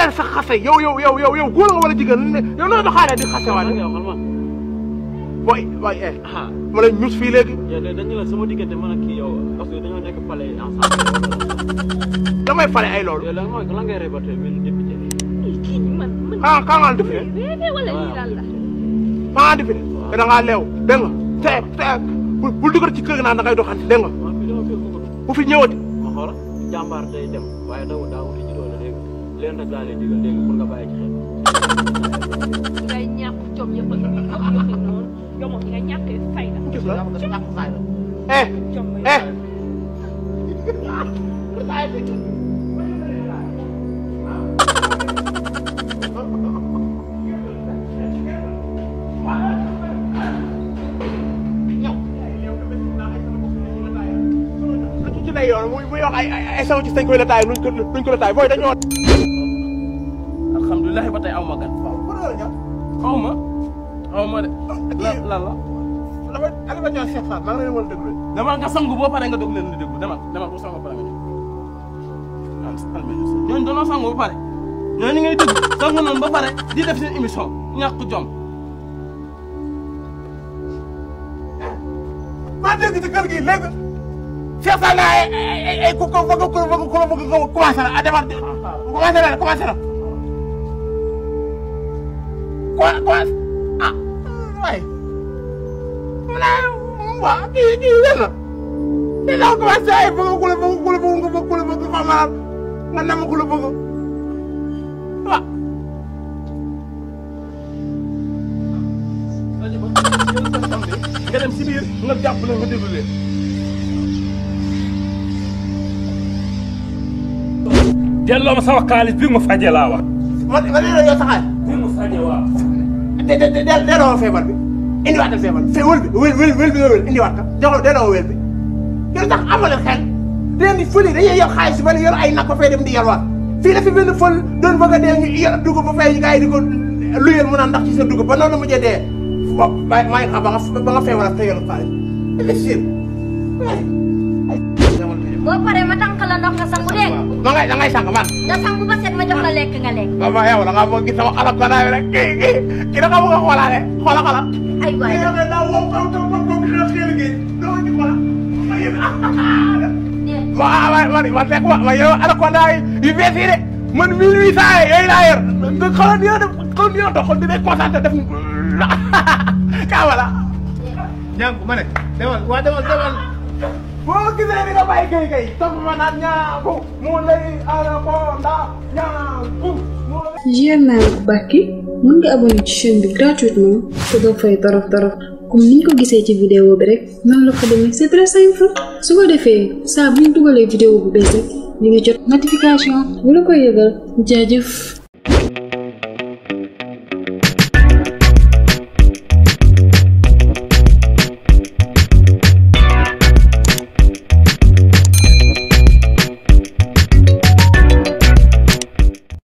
xaaral sax xase yow yow yow yow yow góor nga wala jigéen ne yow noonu la xaaral di xase waat. booy booy eh. ma la sama diggante man ak kii yow parce que fale ay loolu. yow lan mooy lan ngay révolté mbiru député. maa ngaa député. waaw da ngaa leew te te bu bu dugal ci kër gi naan da ngay doxante bu fi ñëwati. ma xool jàmbaar leen rek laa leen digal dégg nga pour nga bàyyi ci xel. li ngay ñàkk jom yëpp a ngi nii ak yëpp a noonu yow moom li nga ñàkkee fayda. gis nga nga ñàkk fayda. eh eh. muy muy wax ay ay ay saw ci sañ koy la taay luñ ko luñ ko la taay booy dañoo alhamdulillah ba tay awma gan. awma awma de. la la la. dama Cheikh la dama nga sangu bo pare nga dog leen di dama dama bu sangu pare nga déglu. do dañoo sangu bo pare ñooñu ngay tegg sangu non ba pare di def seen émission ñak jom. ma dégg ci kër gi léegi. Cheikh Sarr ay ay ay ko ko ko ko ko ko ko ko ko ko ko ko ko ko ko ko ko quá quá à, mày mày quá đi đi lên đi đâu có bác sĩ vừa vừa vừa vừa vừa vừa vừa vừa vừa vừa mà mà nằm vừa vừa nga dem si biir nga jàpp la nga déglu leen delloo ma sama xaalis bi ma fajee laa wax ma ma ne la yow sa xaalis de de de delloo feebar bi indiwaatal feebar bi wël bi wël wël wël bi nga wël indiwaat ko jox delloo wël bi yow tax amal xel leen di fële dañuy yor xaalis si bari yor ay nag ba fay dem di yalwaat fii la fi benn fël doon bëgg a dee ñu yor dugub ba fay gars yi di ko luyeel mu naan ndax ci sa dugub ba noonu la mujjee dee ba ba maa ngi xam ba nga ba nga feebarat te yor xaalis. boo paree ma tànk la ndox nga sa ma ngay da ngay sang man. nga sangu ba set ma jox la lekk nga lekk. waaw yow da ngaa bëgg gis sama xalaat banaa bi rek kii kii kii da ngaa bëgg a xoolaale xoola xoola. ay waay yow de daa wow taw taw taw bi xeex xeex gi doo ko ci xool. waaw waaw man man fekk ma ma yow anaconda yu bees yi de man mille huit cent yooyu laa yor xoolal di def xool di dox xool di day concentré def kaa wala. ñànku ma ne demal waa demal demal. boo gisee ni nga bàyyi kay kay tax ma naan ñaaku mu lay arakonda ñaaku. jeer naa ko bàkki mën nga abonné ci chaîne bi gratuitement te doo fay torof torof comme ni ñu ko gisee ci vidéo bi rek noonu la ko demee c'est très simple su ko defee saa bu ñu dugalee vidéo bu bees rek di nga jot notification bu la ko yëgal jaajëf.